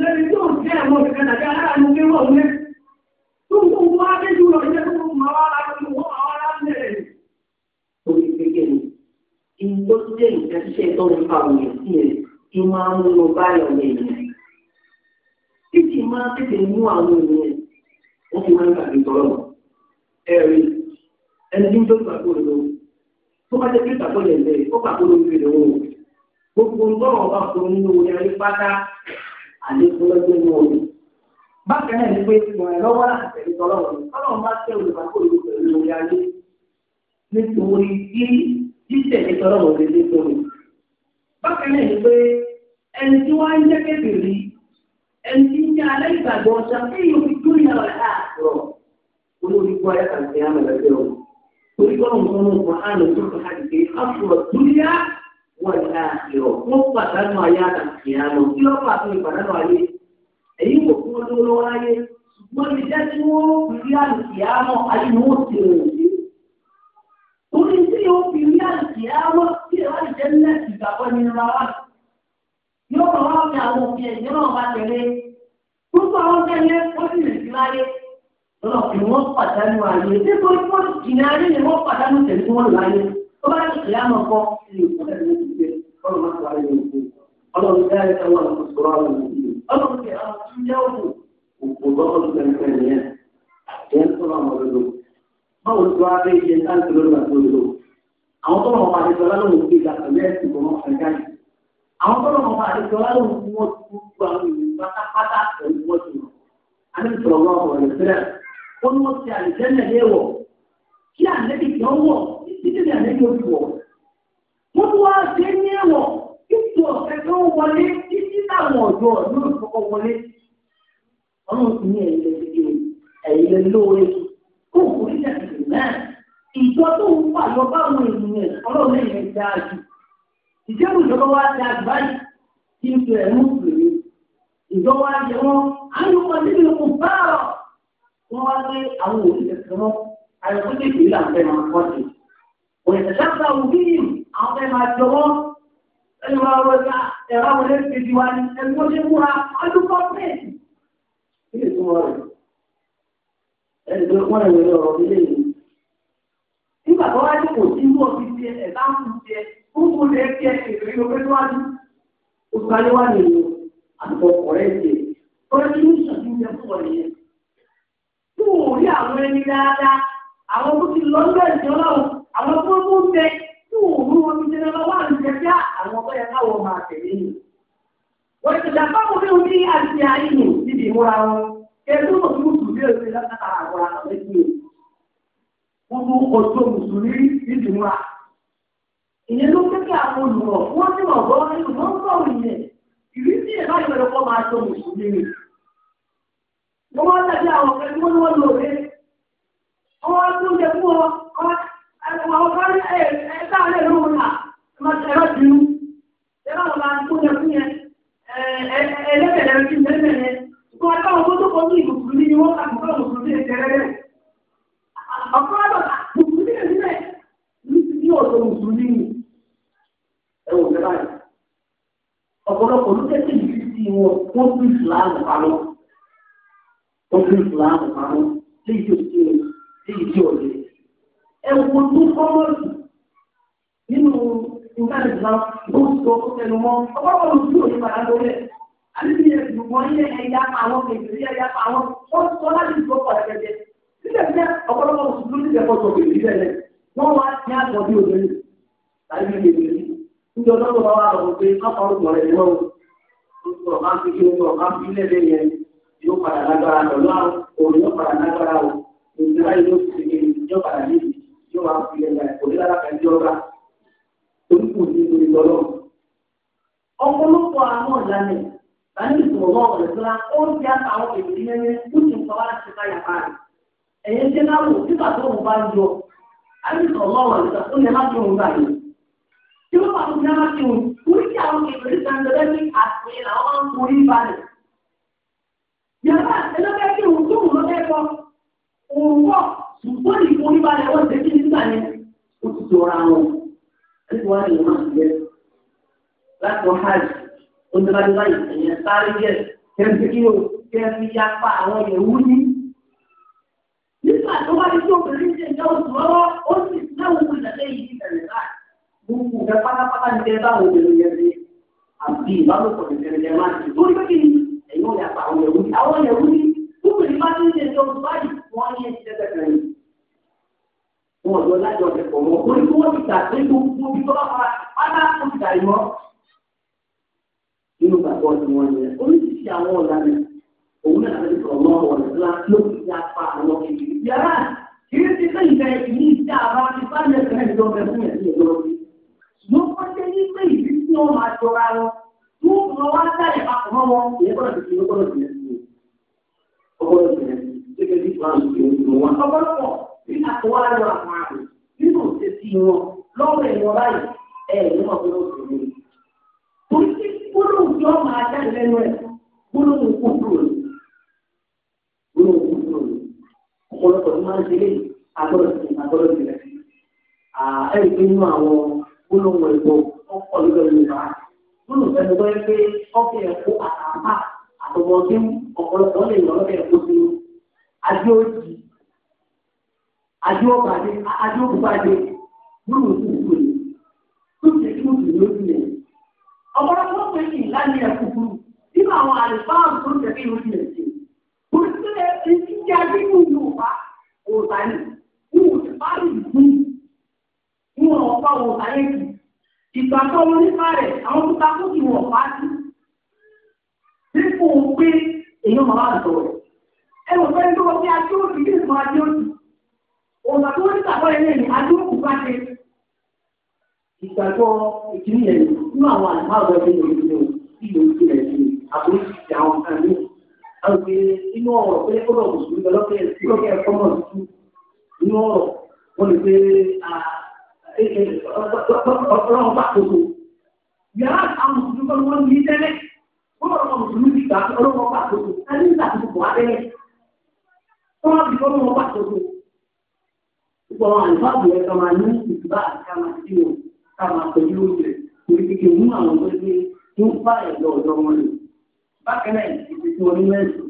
lẹ́ni tó ń jẹ́ àwọn òṣìṣẹ́ tàbí aláàánú pé wọ́n lé tó ń kún wá dé jùlọ iṣẹ́ tó kún máa wá láti wọ́n máa wá láti rẹ̀. Orí gbẹgẹ ni, ìyẹn tó jẹ́ ìdáṣiṣẹ́ tó ń fa òye sí ẹ̀ kí máa ń lo báyọ̀ ní ìyẹn. Títí máa tètè mú àwọn ènìyàn, wọ́n fi máa ń gbàgbé tọ́lọ̀. Ẹ̀rí ẹni tí ń tó gbàgbọ́ lọ, tó bá jẹ́ pé gbàgbọ́ lẹ̀ lẹ̀, ó gbàgbọ́ lórí Gbogbo ń tọ́rọ̀ bá àlékún lọ́jọ́ ní omi. Bákan náà ni pé ìmọ̀ ẹ̀rọ wá láti tẹ̀lé tọ́lọ́run. Tọ́lọ́run bá tẹ́ olùbákò ìlú pẹ̀lú orí ayé nítorí kí títẹ̀lé tọ́lọ́run lè dé tóbi. Bákan náà ni pé ẹni tí wọ́n ń jẹ́ kébìrì ẹni tí ń jẹ́ alẹ́ ìgbàgbọ́ ọ̀sà pé yóò fi tó ìyàwó ẹ̀ àtọ̀ olórí kọ́ ẹ̀ àti àmọ̀ ẹ̀fẹ́ o. Orí kọ́ wọ́n náà yọ wọ́n pàdánù ayé àtàkìyà lọ kí wọ́n pàdánù ìpàdánù ayé èyí kò fún ọdún lọ́wọ́ ayé ṣùgbọ́n ní jẹ́ tí wọ́n rí àtìyà mọ́ ayé ni wọ́n ti rìn sí. torí tí yóò fi rí àtìyà mọ́ tí ìwà ìjẹ́ nẹ́ẹ̀sì ìgbàgbọ́ ní ìlú wa yóò kọ́ wá fi àwọn òfin ẹ̀jẹ̀ náà bá tẹ̀lé gbogbo àwọn tẹ̀lé wọ́n sì rìn sí láyé lọ́nà wọ́n pàdánù ayé ọlọ́run máa wà lẹ́yìn òkú ọlọ́run dá ẹ̀ka wà lọ́kùn sọ̀rọ̀ àwọn òkú ọlọ́run ti àwọn tún yá òkú òkú lọ́wọ́ pẹ̀lú ẹ̀yẹn àtẹ̀yẹ sọ̀rọ̀ àwọn ọ̀rẹ́dọ̀ báwo tó wá bẹ́ẹ̀ yẹ káàkiri lọ́dún àti olùdó àwọn tó lọ́wọ́ máa dẹ̀sọ̀ lálẹ́ òkú ìgbà pẹ̀lú ẹ̀sìn kò wọ́n fẹ́ káyì àwọn tó lọ́wọ́ máa dẹ̀sọ̀ lálẹ́ òkú wọn ti gbogbo kí àlẹ́bí kan wọ̀ títí ní àlẹ́bí ó wọ̀ wọ́n tún ṣe ní ẹ̀wọ̀n títí ọ̀sẹ̀ tó ń wọlé títí táwọn ọ̀dọ́ yóò kọ́kọ́ wọlé. ọlọ́run ti ní ẹ̀yìn lè fi ẹ̀yìn lè lóore kó kò ní ẹ̀sìn náà. ìjọ tó ń wà lọ báwọn ènìyàn ọlọ́run lè yẹn dáa jù. ìjẹ́bù ìjọba wa da àgbáyé kí n fi ẹ̀mú pèrè. ìjọba jẹ wọn àyùkọ níbi ìkùn báà wọ́n wá pé àwọn òṣìṣẹ́ kan náà àyọ̀kọ́ òyìnbẹ̀sẹ̀sẹ̀ òbíyìn àwọn ẹ̀ máa jọ wọ́n ẹni wá wọ́n ẹ̀rọ àwọn ẹ̀rọ kejì wa ni ẹni wọ́n ṣe múra ọdún kọ́pẹ́ẹ̀tì. ilé ìtumọ̀ rẹ̀ ẹni tó wọ́n ẹ̀rọ ọ̀rọ̀ ilé yìí. nígbà tó wáyé kò sí mú ọtí tiẹ̀ ẹ̀ bá kú tiẹ̀ fún kò lè àwọn tó mú bẹ tí òru omi jẹ́ lọ́wọ́ wà ní jẹ́jẹ́ àwọn ọkọ yẹn káwọ́ máa tẹ̀lé yìí. wọ́n ti dàgbà wọn bí omi àti àyìnbó níbi ìmúra wọn kẹ́ẹ́dọ́ tó tún kù òṣèlú látàkà àwọn àwọn ẹgbẹ́ wọn mú ọjọ́ mùsùlùmí níbi ìmúra. ìyẹn ló fẹ́ kí àwọn olùkọ́ wọ́n ti mọ̀ gbọ́ nínú wọn sọ̀rọ̀ ìyẹn ìrísí ẹ̀ báyìí lọ́kọ́ máa jọ mùsùlùmí ẹ̀wọ̀n ọ̀gá ẹ̀ẹ́dá alẹ́ ló ń mà ẹ̀rọ bínú ẹ̀rọ ọ̀gá kúnyẹkúnyẹ ẹ̀ẹ́dẹ́gbẹ̀rẹ̀ ti mẹ́mẹ́rẹ́ kó ẹ báwọn tó tó kọ́ ní ìbùkún ní wọ́n kà kó lọ́wọ́ ní ẹ̀ẹ́dẹ́rẹ́ ọ̀pọ̀ ọ̀gá bùkún ní ẹ̀ẹ́dẹ́rẹ́ ní ọ̀dọ̀ mùsùlùmí ni ẹ̀wọ̀n bẹ́ẹ̀ báyìí ọ̀pọ̀lọpọ̀ ló tẹ́tẹ́ yìí sí wọn wọ́n tún ìsìláàmù pamọ́ wọ́n tún ìsìláàmù pamọ́ léyìí tó ti léyìí tí ò lè ẹ̀wù tó kọ́mọ́sì nínú nǹkan ìgbà ló ń sọ ẹnu mọ́ ọgbọ́n olùdí òní padà lórí ẹ̀ àbíbi ẹ̀sùn wọn yẹ ẹ̀yà àwọn kẹ̀kẹ́ ẹ̀yà àwọn ó sọ láti sọ padà kẹ̀kẹ́ nígbà tí ọ̀pọ̀lọpọ̀ oṣù tó ti dẹ̀kọ̀ sọ kẹ̀kẹ́ bẹ́ẹ̀ lẹ̀ wọ́n wá ní àgbọ̀ bí obìnrin tàbí bí obìnrin níbi ọjọ́ tó bá wà lọ́wọ́ pé ọkọ̀ ọ̀rọ̀ rẹ̀ ni wọ́n sọ̀rọ̀ máa ń fi kí oṣù ọ̀gá fi lẹ́lẹ́ yẹn yóò padà lágbára lọ́wọ́ òun yóò padà lágbára òun ìgbà yóò fi kí yóò padà níbi wàá fi ẹ̀yà ẹ̀kọ́ ní lára kan jọba torí kò ní ìlú ìtọ́lọ́. ọ̀pọ̀lọpọ̀ àwọn ọ̀dà ni láti ìtumọ̀ mọ́ ọ̀rẹ́ tó la ó ń fi àtàwọn èdè yẹn kú ti ń fọwọ́ láti ká yàrá rẹ̀. ẹ̀yẹ jẹ́ náà wò nígbà tó ń bá yọ láti ìtumọ̀ mọ́ ọ̀rẹ́ tó ó yẹ má kí òun gbà yìí. tí wọ́n bá tún fi má kí òun orí kí àwọn èdè ìtàndẹ́lẹ́ ní ṣùgbọ́n ìfún oníbàárẹ̀ wọ́n ṣe kí nígbà yẹn ó ti jọra wọn ẹni wọ́n lè má ṣe láti wọ́n hajj oníbàárẹ̀ báyìí ẹ̀yẹn sáré yẹ kẹ́mi kí o kẹ́mi ya pa àwọn ìyẹ̀wù ní. nígbà tó wá ní tí obìnrin ṣe ń dáwọ́ sùn lọ́wọ́ ó sì náwó fún ìdàgbẹ́ yìí ti bẹ̀rẹ̀ báyìí gbogbo ìgbà pátápátá ní kẹ́ báwọn obìnrin yẹn ṣe àbí ìbálòpọ̀ ìṣẹ̀lẹ̀ máa ṣe tó ní pé wọ́n ní ìṣẹ́jẹ̀ kan yìí. Wọ́n lọ lájọ ọ̀dẹ̀pọ̀ wọn. Wọ́n ní wọ́n ti tà sí gbogbo bí tọ́lá fara pátá tó ti dàrí mọ́. Inú bàbá ọ̀dẹ̀ wọn ni oríṣiríṣi àwọn ọ̀lànà òun náà ti sọ̀rọ̀ lọ́wọ́ ọ̀rẹ́ tó láti ló ti dá pa àwọn kìkì. Yàrá kìí ti pé ìfẹ́ ìní ìjà àbá ti bá lẹ̀ fẹ́ ìjọba fún ẹ̀sìn ìjọba. Ṣùgbọ́n wọ́n ṣe ní pé ìdí tí wọ́n máa jọra wọn. Tó ń lọ wá sáré papọ̀ mọ́ wọn, ìyẹn gbọ́dọ̀ ti fi ló gbọ́dọ̀ ti yẹn. Islam ti ń dùn wọn. Ọ̀pọ̀lọpọ̀ ní àtọwá lọ àwọn àrùn nínú òṣèṣì wọn lọ́wọ́ ẹ̀yọ báyìí ẹ̀ ní Ọ̀pọ̀lọpọ̀ ọ̀pọ̀lọpọ̀ lè adóòjì adóòbàdé adóòbàdé gbólóòtú ìwé tó ṣe kí mo tìlú lójú yẹn. ọ̀pọ̀lọpọ̀ pé kí ìlànà ẹ̀ kúkúrú nínú àwọn àlùfáà tó ṣe kí lójú yẹn ṣe. kò sí ẹ ti ti jẹ́ nínú yorùbá òòtà ni wọn ò sì bá lè gbé wọn ọ̀pá òòtà yẹn kì. ìgbà tó wọn nípa rẹ̀ àwọn tó ta kó kì wọ́n pa á sí. dípò pé èèyàn máa wà lọ́wọ́ ẹ̀rọ pé ní wọ́n fi adúrúkú bí ìmọ̀ adúrúkú. Òǹkà tó ń tàbọ̀ ilé ní adúrúkú bá ṣe. Ìgbàgbọ́ ìdílé yẹn nínú àwọn àlùmọ́ àwọn ọdún yóò ní ìlú ìpínlẹ̀ yìí àbúrò ti àwọn kan ní. Àwọn òkè inú ọ̀rọ̀ pé ó lọ mùsùlùmí lọ́kẹ́ lọ́kẹ́ ẹ̀kọ́ mọ̀ sí inú ọ̀rọ̀ wọ́n Yàrá àwọn mùsùlùmí kan wọ́n ní tẹ́lẹ̀. Wọ́n lọ́wọ́ mùsùlùmí ti gbà ọlọ́run bá Ẹni ń tàbí kò wá tẹ́lẹ̀ wọ́n á fi kọ́ mọ́ bá tòkó. Gbogbo àwọn àlùfáàbù ẹ̀ ká máa ní ìgbà ká máa sí o ká máa pẹ̀lú oúnjẹ orí kékeré mú àwọn tó gbé tó ń bá ẹ̀dọ̀ ọ̀dọ́ wọn lò. Bákan náà ìdí tí wọ́n ní mẹ́sùn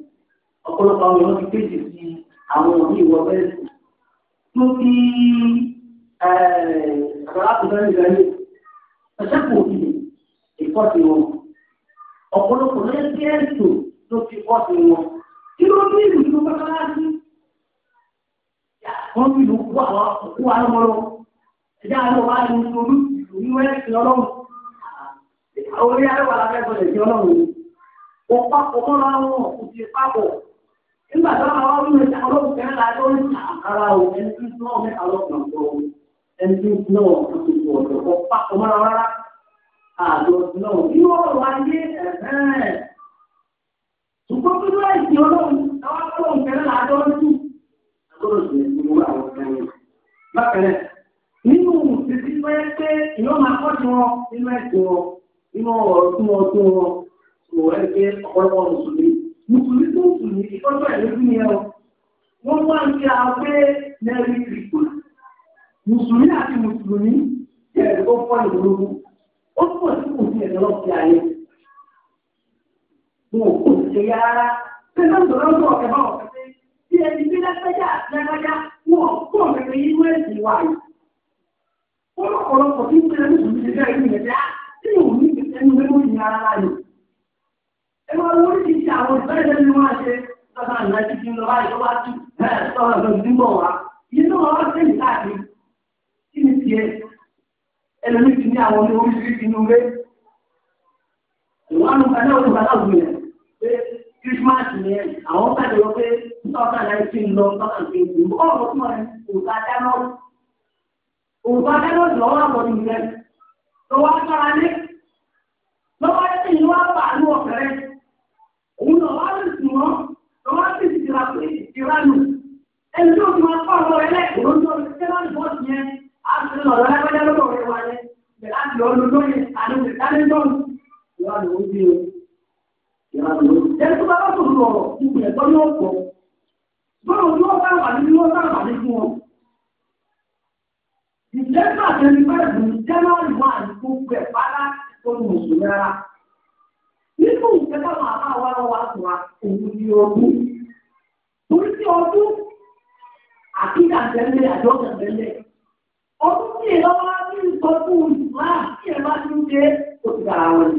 ọ̀pọ̀lọpọ̀ àwọn ọmọ ti kéde sí àwọn òbí ìwọ mẹ́sùn. Tó bí àgbàlagbà ìgbàlè ọ̀sẹ̀ kò fi ìkọ́sí wọn. Ọ̀pọ̀lọpọ̀ lọ́yẹ́ kí ẹ̀sùn ló fi kọ́sí wọn. Kí ló ní ìlú tó bá wọ́n fi lù kú àwọn òkú wa lọ́wọ́ ẹ̀dá àlọ́ wa ni olú ẹ̀sìn ọlọ́run orí àlọ́wà la ẹ̀sìn ọlọ́run o papọ̀ mọ́ wọn kò sì papọ̀ nígbà tó àwọn ọmọ ìta ọlọ́run kẹrin la tó ara o ẹni tí ń náà mẹ́ta lọ́kàn tó ẹni tí ń náà kò sì pọ̀ ọ̀dọ̀ mọ́ra rárá àjọ náà ọ̀rọ̀ wa yé ẹ̀ẹ́n ṣùgbọ́n sọ̀rọ̀ sí gbogbo àwọn kan yẹn. Bákan náà, nínú títí wọ́n yẹ pé ìyọ́ máa kọ́ sí wọn nínú ẹ̀sìn ọ̀pọ̀lọpọ̀ mùsùlùmí ilẹ̀ ti fi lẹ́sẹ̀já lẹ́gbẹ́já wọ̀ kó mẹ́rin inú ẹ̀sìn wa yìí. ó lọ́pọ̀lọpọ̀ tí ń pẹ́ lẹ́nu ìlú ìjẹ́ ìlú ìjẹ́ tí ò ní ẹnu mẹ́rin òyìn ara láàyè. ẹ máa wọ́n ti ṣe àwọn ìbẹ́rẹ̀ ní wọ́n á ṣe sí bọ̀ wá. yìí náà wọ́n ṣe ní káàkiri kí ni Christmas yẹn àwọn pàdé wọn pé tọ́ka láì fi lọ tọ́ka fi kú ọ̀rọ̀ fún ẹ òǹkà dáná òǹkà dáná lọ́wọ́ àwọn ìyẹn lọ́wọ́ agbára ní lọ́wọ́ ẹni ìlú wa bà ní ọ̀fẹ́rẹ́ òun náà wá lè sùn wọn lọ́wọ́ sì ti ra pé ìra nù ẹni tó fi máa kọ́ ọ̀rọ̀ ẹlẹ́ òun tó fi tẹ́lá ní bọ́ọ̀sì yẹn á ti lọ lọ́wọ́ ẹgbẹ́ lọ́wọ́ rẹ wáyé bẹ̀rẹ̀ á ti lọ́ọ́ lọ́ọ́ lóye àdéhùn ìdánilọ́ọ̀nù ìwà bí o ẹni tó bá bá sọ̀rọ̀ lọ̀rọ̀ gbogbo ẹ̀tọ́ yóò pọ̀ bọ́lá ojú ọ̀tá àbàdé ni wọ́n tá àbàdé fún ọ. ìjẹ́sà tẹ̀lé bẹ́ẹ̀bù jẹ́nọ́rì wà ní gbogbo ẹ̀ pátá tó ní oṣù rárá. nínú ìjẹ́sà máa bá wa lọ́wọ́ àtúrà òun ni ọdún. torí sí ọdún àkídà tẹ̀lé àjọkẹ̀ tẹ̀lé. ọdún tí èèyàn wá ní ìtọ́jú ìsìláà tí ẹ̀ bá ti ń ṣe ó ti dára wọn ni.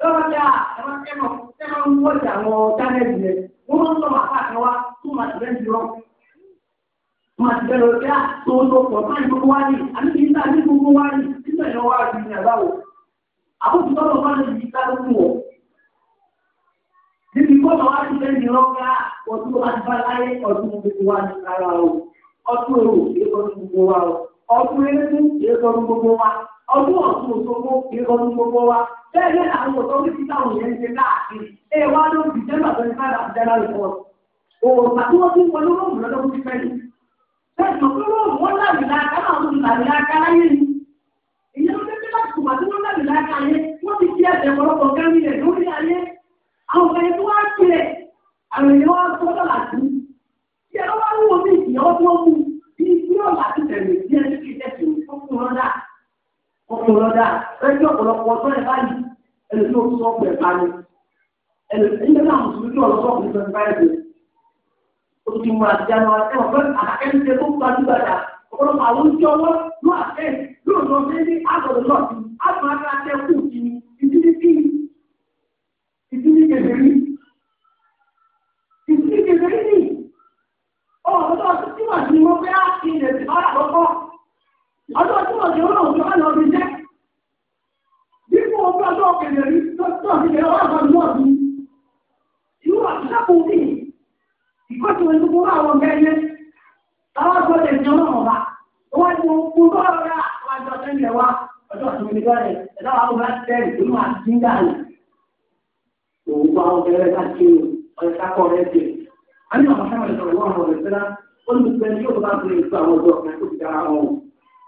lọ́wọ́dà ẹ̀rọ ẹ̀rọ ẹ̀rọ ń wọ́ọ̀dì àwọn dánẹ́ẹ̀dì yẹn wọ́n máa ń sọ màá fàkàn wá tó màá ti bẹ́ẹ̀ dúró. màá ti bẹ́ẹ̀ lọ́dà tó ń lọ pọ̀ báyìí gbogbo wá ní àbí kì í ta ní gbogbo wá ní nígbà yẹn ọdún ọ̀tún òṣogbo ìrọ̀lú gbogbo wa bẹ́ẹ̀ àwọn ọ̀tọ́ wípé táwọn yẹn ṣe káàkiri ẹ wá ló fi dẹ́gbà tó ń fà láti dẹ́gbà lè pọ̀ òòtà tí wọ́n ti ń wọ ní fífẹ́ yìí bẹ́ẹ̀ tó fún róòmù wọn láàmì láàká náà wọn láàmì láàká láyé ni ìyẹn ló dé láti kùmà tí wọ́n láàmì láàká yẹn wọ́n ti fi ẹsẹ̀ ọ̀pọ̀lọpọ̀ kẹ́mílẹ̀ lórí ayé àwọn ọ̀gá tó wá tilẹ̀ àwọn èèyàn wá tó ọkùnrin lọ́dà ẹni ọ̀pọ̀lọpọ̀ ọdún ẹ̀ báyìí ẹni tí ó sọ ọ̀pọ̀ ẹ̀ báyìí ẹni tí náà mùsùlùmí tí ọ̀rọ̀ sọ̀kùnrin tó ń bá ẹ̀dẹ̀ ó ti mú àdìyànà ẹ̀wọ̀n pé àkàkẹ́ńtẹ̀ tó gbajúgbajà ọ̀pọ̀lọpọ̀ àwọn oúnjẹ ọwọ́ ló àtẹ̀ yóò lọ sí ní àgọ̀dọ̀ náà sí àgbà aláṣẹ kù sí ìdílé kí ìdílé kẹfẹ́rí ìdílé kẹfẹ́rí ni ọ̀rọ̀ tó ti wà ní wọ́n fẹ́ ọjọ́ tí wọ́n ṣe wọ́n ọ̀jọ́ lọ rí jẹ́ dípò ọjọ́ ọjọ́ kẹlẹ̀ rí tó ti lè wá àwọn ọmọ mi irú àtúnṣàkó mi ìkọ́sí wọn gbogbo àwọn ọmọ ẹyẹ táwọn ọjọ́ lè jẹun náà wà wọ́n ti mú bọ́ ọ̀rá àwọn àjọ tẹ́lẹ̀ wá ọjọ́ ìsinmi gbọ́dẹ̀ ẹ̀dá wa bá tẹ́lẹ̀ ìlú àti dídá rẹ̀ òun bá wọn bẹ̀rẹ̀ ká kí ọ̀rẹ́ sákọ̀ rẹ̀ dé a ní àwọn sáwọn ìṣòro wọn ọ̀rẹ́ sẹ́lá ó ní gbogbo ẹni yóò bá gbé ìgbà àwọn ọjọ́ kan tó ti dára wọn.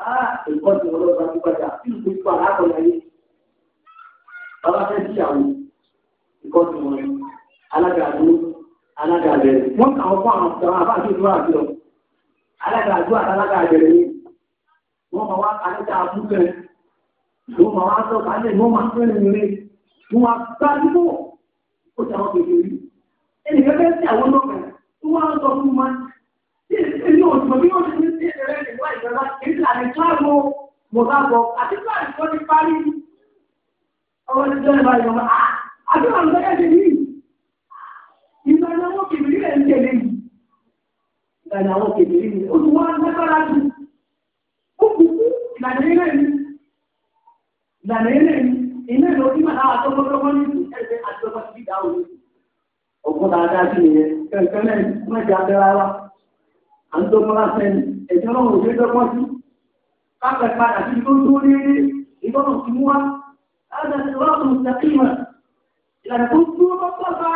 ẹ̀kọ́ ah, ti wọ́n lọ́ba tó padà tí ìlú ipa láàbọ̀ láyé. Bàbá fẹ́ ti ṣàwọn ẹ̀kọ́ ti wọ́n alága àdúró alága àbẹ̀rẹ̀. Wọ́n kà wọ́n fún àwọn ọ̀sán àbá àti ìdúrà àti ọ̀. Alága àdúrà àti alága àbẹ̀rẹ̀ ni wọ́n máa wá alága àbúkẹ́ wọ́n máa wá sọ kálẹ̀ wọ́n máa fẹ́ rìn rìn wọ́n máa gbájúmọ̀ ó ti àwọn kékeré. Ẹnì inú òṣùwọ̀n bí wọ́n ti ní sí ẹ̀rẹ́ ìwà ìjọba ìlà ní tíwáàmù mọ̀tàbọ̀ àti tíwáàmù tó ti parí ọwọ́ ti jọ ìwà ìjọba àdúrà ń bẹ́ẹ̀ ṣe yìí ìgbà ni àwọn kìbìrì rẹ̀ ń tẹ̀lé yìí ìgbà ni àwọn kìbìrì rẹ̀ ó ti wá lágbára jù ó kù kú ìlànà ilé mi ìlànà ilé mi ilé mi ó ti máa dáwà tó gbọ́dọ̀ ní ẹgbẹ́ àti ọkọ̀ sí ìdáwó ọgbọ́n dáadáa sí ìyẹn kẹ̀kẹ́ náà má jẹ́ abẹ́rẹ́ wa à ń dọ́gbọ́n sẹ́ni ẹ̀jẹ̀ ọlọ́run òṣèré dọ́gbọ́n sí kápẹ́ padà sí tó tó déédé ìgbọ́nà ti mú wa láti ẹ̀sìn ọlọ́run ìṣàkíyàn ìlànà tó tó lọ́pọ̀ bá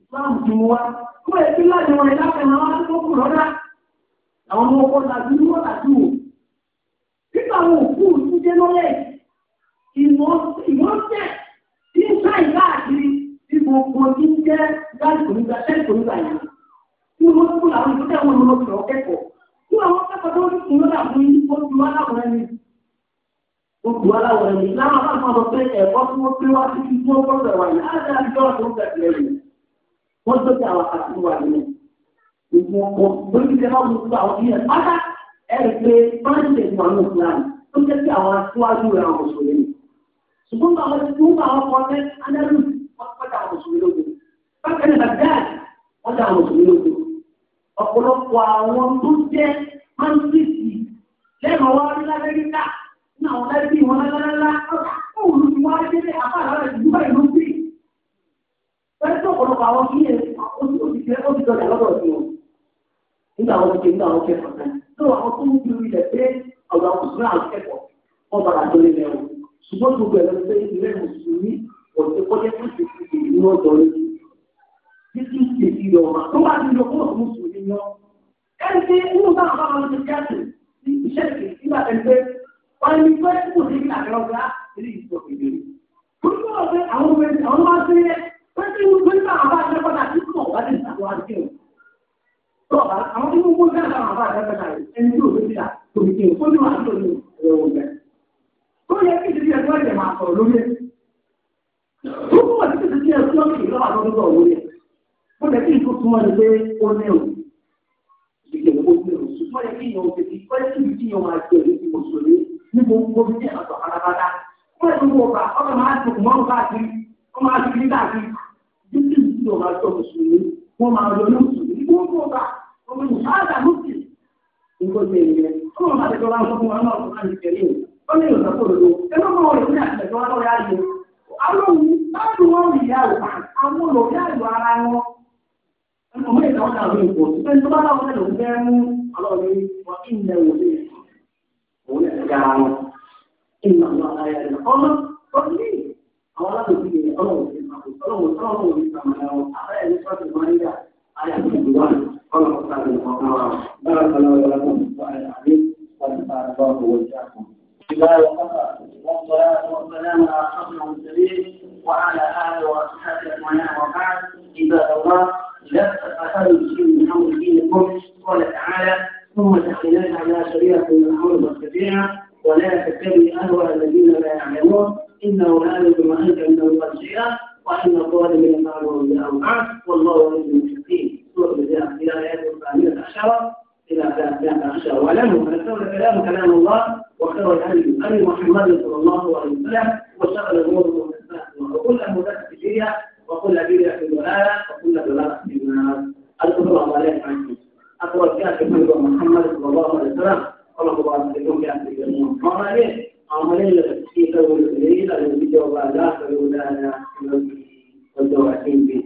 ìsìláàmù ti mú wa kó èké láti wọn ìdáfẹ́ àwọn akókò lọ́dá àwọn ọmọ ọkọ tàbí ní wọ́n tàbí wò nípa àwọn òkú tó jẹ́ ìmọ̀ọ́sẹ̀ tí ń sáì káàkiri tí gbogbo tí ń jẹ́ láti kòmígbà tẹ́lẹ̀ kòmígbà yìí ní wọ́n kú làwọn ìlú tẹ̀ wọ́n lọ sọ̀rọ̀ kẹ́kọ̀ọ́ tí àwọn kẹ́kọ̀ọ́ tó ń sùn lọ́dà fún yín ó lu aláwọ̀ ẹni ó lu aláwọ̀ ẹni láwọn aláwọ̀ sọ pé ẹ̀kọ́ tí wọ́n pé wá sí kí wọ́n gbọ́dọ̀ wà ní àdá àjọ tó ń tẹ̀lé rẹ̀ wọ́n tó ti àwọn àti wà ní ìgbọ̀ngbọ̀n lórí ìjọba wọn sọ àwọn ìyẹn pátá ẹ̀rì pé báńkì ìgbà náà tó jẹ́ kí àwọn aṣáájú rẹ̀ àwọn mùsùlùmí ṣùgbọ́n àwọn tí wọ́n bá wọn kọ́ ẹ́ adáró wọ́n pẹ́ àwọn mùsùlùmí lóde bákan náà dáàdì wọ́n dá àwọn mùsùlùmí lóde ọ̀pọ̀lọpọ̀ àwọn tó jẹ́ mọ́ńtíìsì lẹ́nu wa ní lamẹ́ríkà ní àwọn lábí wọn lálálálá ọ̀hún ni wọ́n á délé àbáàlá rẹ̀ dúpẹ́ ìlú sí. pẹ̀lú tó ọ̀pọ̀lọpọ̀ àwọn kí ẹ̀ ó ti dọ̀jà lọ́dọ̀ sí wọn. nígbà wọn ti nígbà wọn kẹ́kọ̀ọ́ náà tó àwọn tó ń kiri ilẹ̀ pé ọ̀gá òṣùnà àkẹ́kọ̀ọ́ wọn bàrà títí ṣe ìlọ wa tó bá ti lọ kúrò fún sùn nínú. ẹni tí inú bá àwọn ọmọ ti jáde sí iṣẹ́ ìṣe nígbà tẹ́gbẹ́ wọn ni pé kò sí ní àgbẹ̀ ọ̀gá ilé ìṣọ̀ ìbéèrè. torí bọ́ọ̀ pé àwọn ọmọ ẹni àwọn máa ṣe yẹ pé kí inú pé bá àwọn àgbẹ̀ padà tí wọ́n gbé àwọn àbá àdáfẹ́ta tó yẹ kí ìdílé ẹ̀kọ́ ẹ̀jẹ̀ máa sọ̀rọ̀ lórí ẹ̀. Tó kọ́ wà sí ìdílé ẹ̀kọ́ ẹ̀jẹ̀ máa sọ̀rọ̀ lórí ẹ̀ ó kí n tó túmọ̀ ní pé ó ní o ìṣèlú ó ní o ṣùgbọ́n yẹ kí yan òṣèlú ó yẹ kí n kí máa jẹ ìlú ti ní gbogbo ní ní àtọ̀ kárakáta ó lè gbogbo ọ̀gá ọ̀gá máa tó kùmọ̀ ọ̀gá káàkiri ó máa ti rí káàkiri bí kí n kí máa jọ mùsùlùmí wọ́n máa yọ ní mùsùlùmí gbogbo ọ̀gá ọmọ máa ń tẹ̀lé o ó ọmọ ìdáwọ́ náà ló ń pọ̀ sí pé tó bá láwọn ẹ̀rọ ń fẹ́ mú ọlọ́ọ̀ni wọn kí ilẹ̀ wò lè òun lè ga wọn kí n máa lọ ayé rẹ̀ ọmọ ọdún àwọn alábòsí ni ọlọ́wọ́ ti máa ọlọ́wọ́ tí wọ́n wọ̀nyí sàmàlà wọn àbẹ́ ẹni sọ́ọ̀tì máa ń yà ayé àti ìdúrà ọlọ́wọ́ sáré wọn náà bára kan lọ́wọ́ yọ̀rọ̀ fún ìgbà àyè wọn bá a bá owó jákùn. الله وكفى والصلاة والسلام على أشرف المرسلين وعلى آله وأصحابه أجمعين وبعد عباد الله لقد أخذوا المسلمين من أمر دينكم قال تعالى ثم تحملنا على شريعة من الأمر مرتفعة ولا تتبع أهواء الذين لا يعلمون إنه لا يعلم ما أنت من المرجئة وأن الظالمين فعلوا الله معك والله ولي المتقين سورة الجزاء إلى آيات الثامنة عشرة إلى الثامنة عشرة واعلموا أن كلام كلام الله وخير الهدي هدي محمد صلى الله عليه وسلم وشر الأمور المحدثات وكل وكل بدعة ضلالة وكل ضلالة في النار الكفر والعياذ بالله أقوى كان في محمد صلى الله عليه وسلم قال الله عليكم بأن تجمعون قال عليه عملية في قول الليل الذي جواب لا فلولا والدواعين به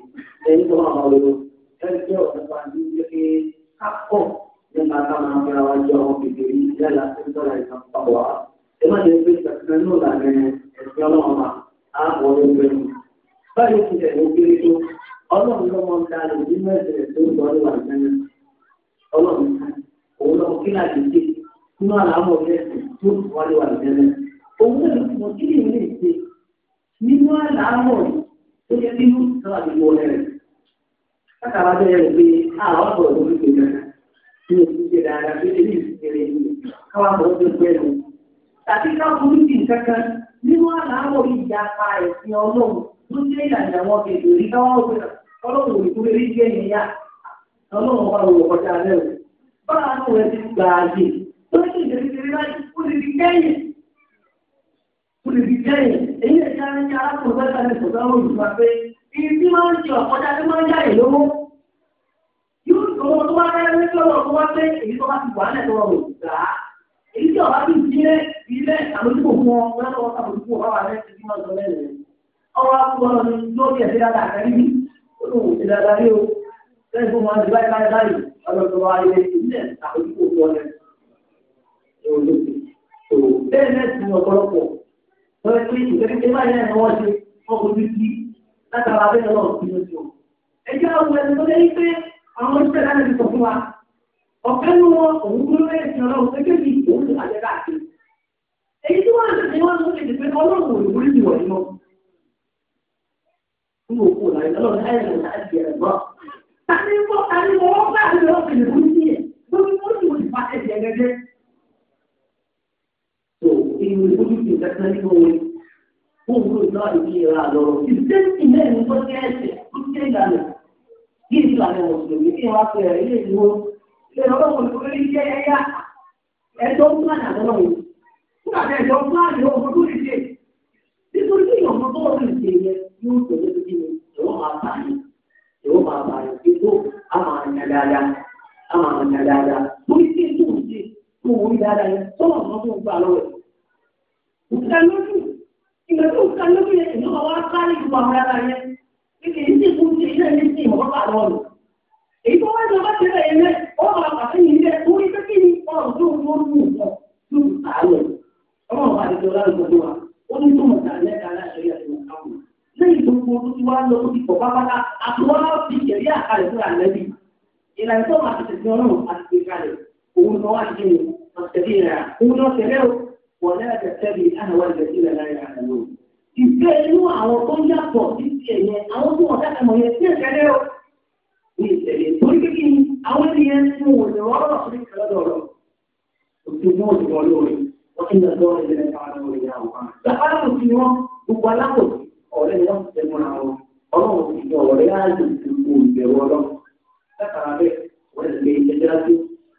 لأن كما قالوا تلك وتفاعلين به حقه لما كان في وجهه بدري لا تنظر إلى التقوى لما يجب أن نقول أن الله أقوى منه báyìí ti rẹ̀ ló kéré tó ọlọ́run ló mọ ta lè ní mẹ́sẹ̀rẹ̀ tó ń bọ̀ lọ́wọ́ àgbẹ̀yẹ ọlọ́run òun lọ kí náà lè dé nínú àlámọ̀ ẹ̀sìn tó ń bọ̀ lọ́wọ́ àgbẹ̀yẹ òun náà lè mọ kí lè lè dé nínú àlámọ̀ tó yẹ kí ló sọ àdìgbò rẹ̀ kátàlá bẹ́ẹ̀ rẹ̀ pé àwọn ọ̀dọ́ òun ti rẹ̀ ní oṣù tẹ̀ dáadáa pé ebi ìṣẹ̀lẹ̀ yìí káwá mọ̀ ọ́dún pẹ́ lọ. tàbí ká burú sí nǹkan ló jẹ́ ìlànà àwọn kèdè rí káwọn òwe ọlọ́run òwe kúrẹ́ rí jẹ́ ìyá ọlọ́run ọba òwe ọ̀kọ́jà rẹ̀ o báwa náà wẹ̀ ti gbà àyè tó ní láyé ó lè fi kẹ́yìn ó lè fi kẹ́yìn èyí lè jẹ́ ẹni arákùnrin bẹ́ẹ̀ ní sọ̀tọ́ olùgbà pé ibi tí máa ń ṣe ọ̀kọ́jà tí máa ń jáde lówó yóò tó wọn tó wá rẹ́ ní lọ́wọ́ tó wá èyí tó bá ti wà lẹ̀ èyí tí ọ̀rá bí ìdílé ìdílé àlójúkò fún ọ ọwọ́ akúgbọ́n lórí ẹ̀sẹ̀ dáadáa àkàrí mi ó lò dáadáa rí o lẹ́yìn fún wọn ti báyìí báyìí báyìí ọlọ́dún wa ilé ìpínlẹ̀ àkókò tó ọlẹ̀ bẹ́ẹ̀ náà ti ọ̀pọ̀lọpọ̀ lọ́wọ́ pé ìgbẹ́kẹ̀kẹ́ báyìí náà ni wọ́n ṣe wọ́n ní sí látara abẹ́rẹ́ náà kí ló ti o. ẹjọ́ àwọn ẹni tó lẹ́yìn pé àwọn oníṣẹ́ láti fi sọ fún wa ọ̀pẹ́ ní wọn òun tó lọ́wọ́ ẹ̀sìn ọlọ́run pé kéèkì òun ti bàjẹ́ káàkiri. èyí tí wọ́n ń nínú Tani mọ́ tani mọ́ wọ́n bá àlọ́ ọ̀gbìn fún sí lórí wọ́n sì wọ́n ti fa ẹ̀jẹ̀ gẹ́gẹ́. So ìlú ìbójú ti kẹta nínú orin fún òun náà ìdí ìra lọ́rọ̀. Ìsẹ́sì mẹ́rin tó jẹ́ ẹ̀sẹ̀ tó jẹ́ ìlànà bí ìlú àlẹ́ mùsùlùmí kí wọ́n fẹ́ ilé ìlú ilé ọlọ́run lórí jẹ́ ẹ̀yà ẹjọ́ fún àdàlọ́run. Fún fún àdàlọ́run tó ti ṣe yóò tó lórí kí ni ìwọ máa bá yìí ìwọ máa bá yìí kí a máa ń yàrá a máa ń yàrá yàrá lórí kí tó ń ṣe tó wọ́n yàrá yẹn tọ́lọ̀ náà tó ń gbà lọ́wọ́ ẹ̀. òkúta lójú ìgbà tó òkúta lójú yẹn ìjọba wa sáré ju àwọn yàrá yẹn kíkì í sì fún ṣe ilé ní sí ìmọ̀ bá lọ́wọ́ lọ. èyí tó wá ìjọba ti rẹ̀ yẹn ọ̀rọ̀ àtàkùn yìí rẹ̀ torí pé kí ni ọ̀rọ̀ tó ń lọ́ọ́ mú ìjọ lóòótọ́ àlọ́ lẹ́yìn gbogbo tó ti wá lọ tó ti pọ̀ pápátá àtúwọ́n náà fi ìṣẹ̀lí àkàlẹ̀ fún àlẹ́bí ìlànà tó máa tètè fi ọlọ́run àti fi kalẹ̀ òun náà wá sí ìlú ọ̀sẹ̀lẹ̀ rẹ̀ òun náà tẹ̀lé o wọ̀ lẹ́yìn tẹ̀lé ànáwá ìgbẹ̀sí rẹ̀ láyé àná lò. ìfẹ́ inú àwọn tó ń yàtọ̀ sí ti ẹ̀yẹ àwọn tó wọ̀n dákẹ́ mọ̀ yẹn sí ìṣẹ̀lẹ̀ o ní ìṣẹ̀lẹ̀ torí kékeré àwọn ènìyàn ń wò ní ọ̀rọ̀ sí ìkẹlẹ́dọ̀rọ̀ òtún mọ́ òtún wọn lórí wọ́n ti ń lọ sọ́ọ́ ìṣẹ̀lẹ̀ káwọn lórí àwọn kan ọ̀rẹ́ ni wọ́n tẹnu ara wọn ọlọ́run ti jọ ọ̀rẹ́ ààyè ìdìbò ìbẹ̀rù ọlọ́run látara bẹ́ẹ̀ ọ̀rẹ́ ti lè jẹjẹrẹ sí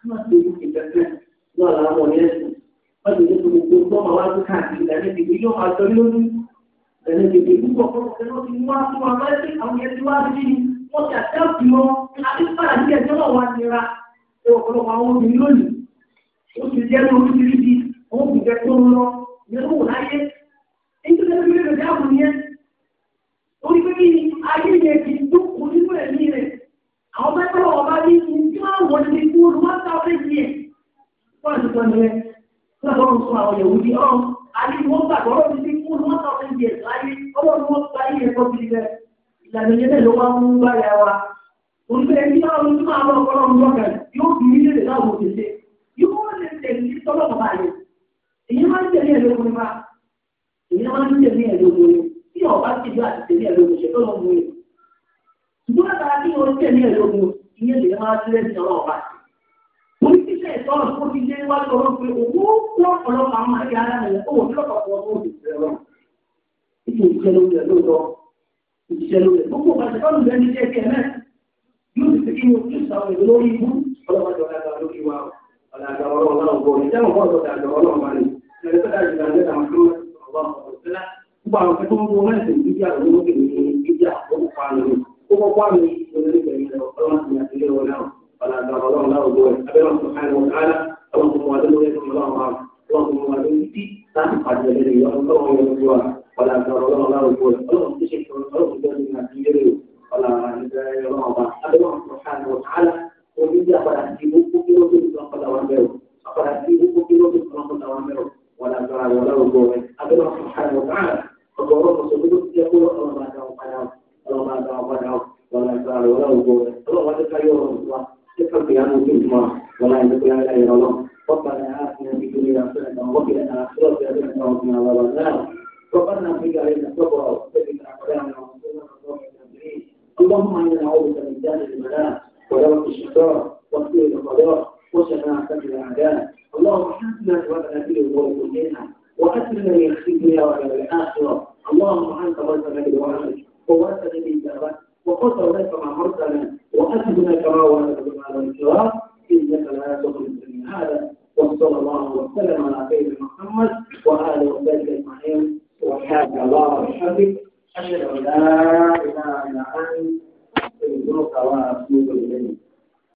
má ti ojú kẹkẹkẹ ní ọ̀la àwọn ọ̀rẹ́ ẹ̀sìn má ti ojú gbogbo gbọ́ máa wá sí káàkiri lẹ́nu ti fi yóò máa jọrí lójú lẹ́nu ti fi púpọ̀ fọ́nrọ́fẹ́ náà ti wá fún wa máa àwọn yẹn wá orí pé kí ni ayé yẹn ti dúkùú nínú ẹ̀mí rẹ̀ àwọn mẹ́tọ́ ọba ní ìjọ àwọn ẹni tí wọ́n wá sá fẹ́ sí ẹ̀ wọ́n ti sọ nìyẹn wọ́n lọ́wọ́ sọ àwọn yẹ̀wò ní ọ̀run àti wọ́n gbàgbọ́ lọ́wọ́ ti kú wọ́n sá fẹ́ sí ẹ̀ láyé ọwọ́ ni wọ́n gba ilé ẹ̀kọ́ fi rẹ̀ ìlànà yẹn ló wá mú báyà wa orí pé ẹni náà ló máa lọ ọpọlọ ń lọ́kà yóò fi ilé rẹ̀ láwọn òṣèṣe yóò lè tẹ̀lé tọ́lọ̀ tí ọba ti gbà ti tẹ̀lé ẹ̀rọ òṣèlú tó lọ mú yẹn. ṣùgbọ́n látara kí wọ́n tẹ̀lé ẹ̀rọ ìyẹn lè máa tẹ́lẹ̀ sí ọlọ́ ọba. oníṣẹ́ ìtọ́nà tó ti dé wá lọ pé owó wọ́n ọlọ́pàá àwọn àti ara rẹ̀ owó tí lọ́pàá fún ọdún ìṣẹ́ lọ. ìṣẹ́ ló rẹ̀ lóòótọ́ ìṣẹ́ lórí náà ti dídí àwọn olókè ní dídí àwọn olùkọ́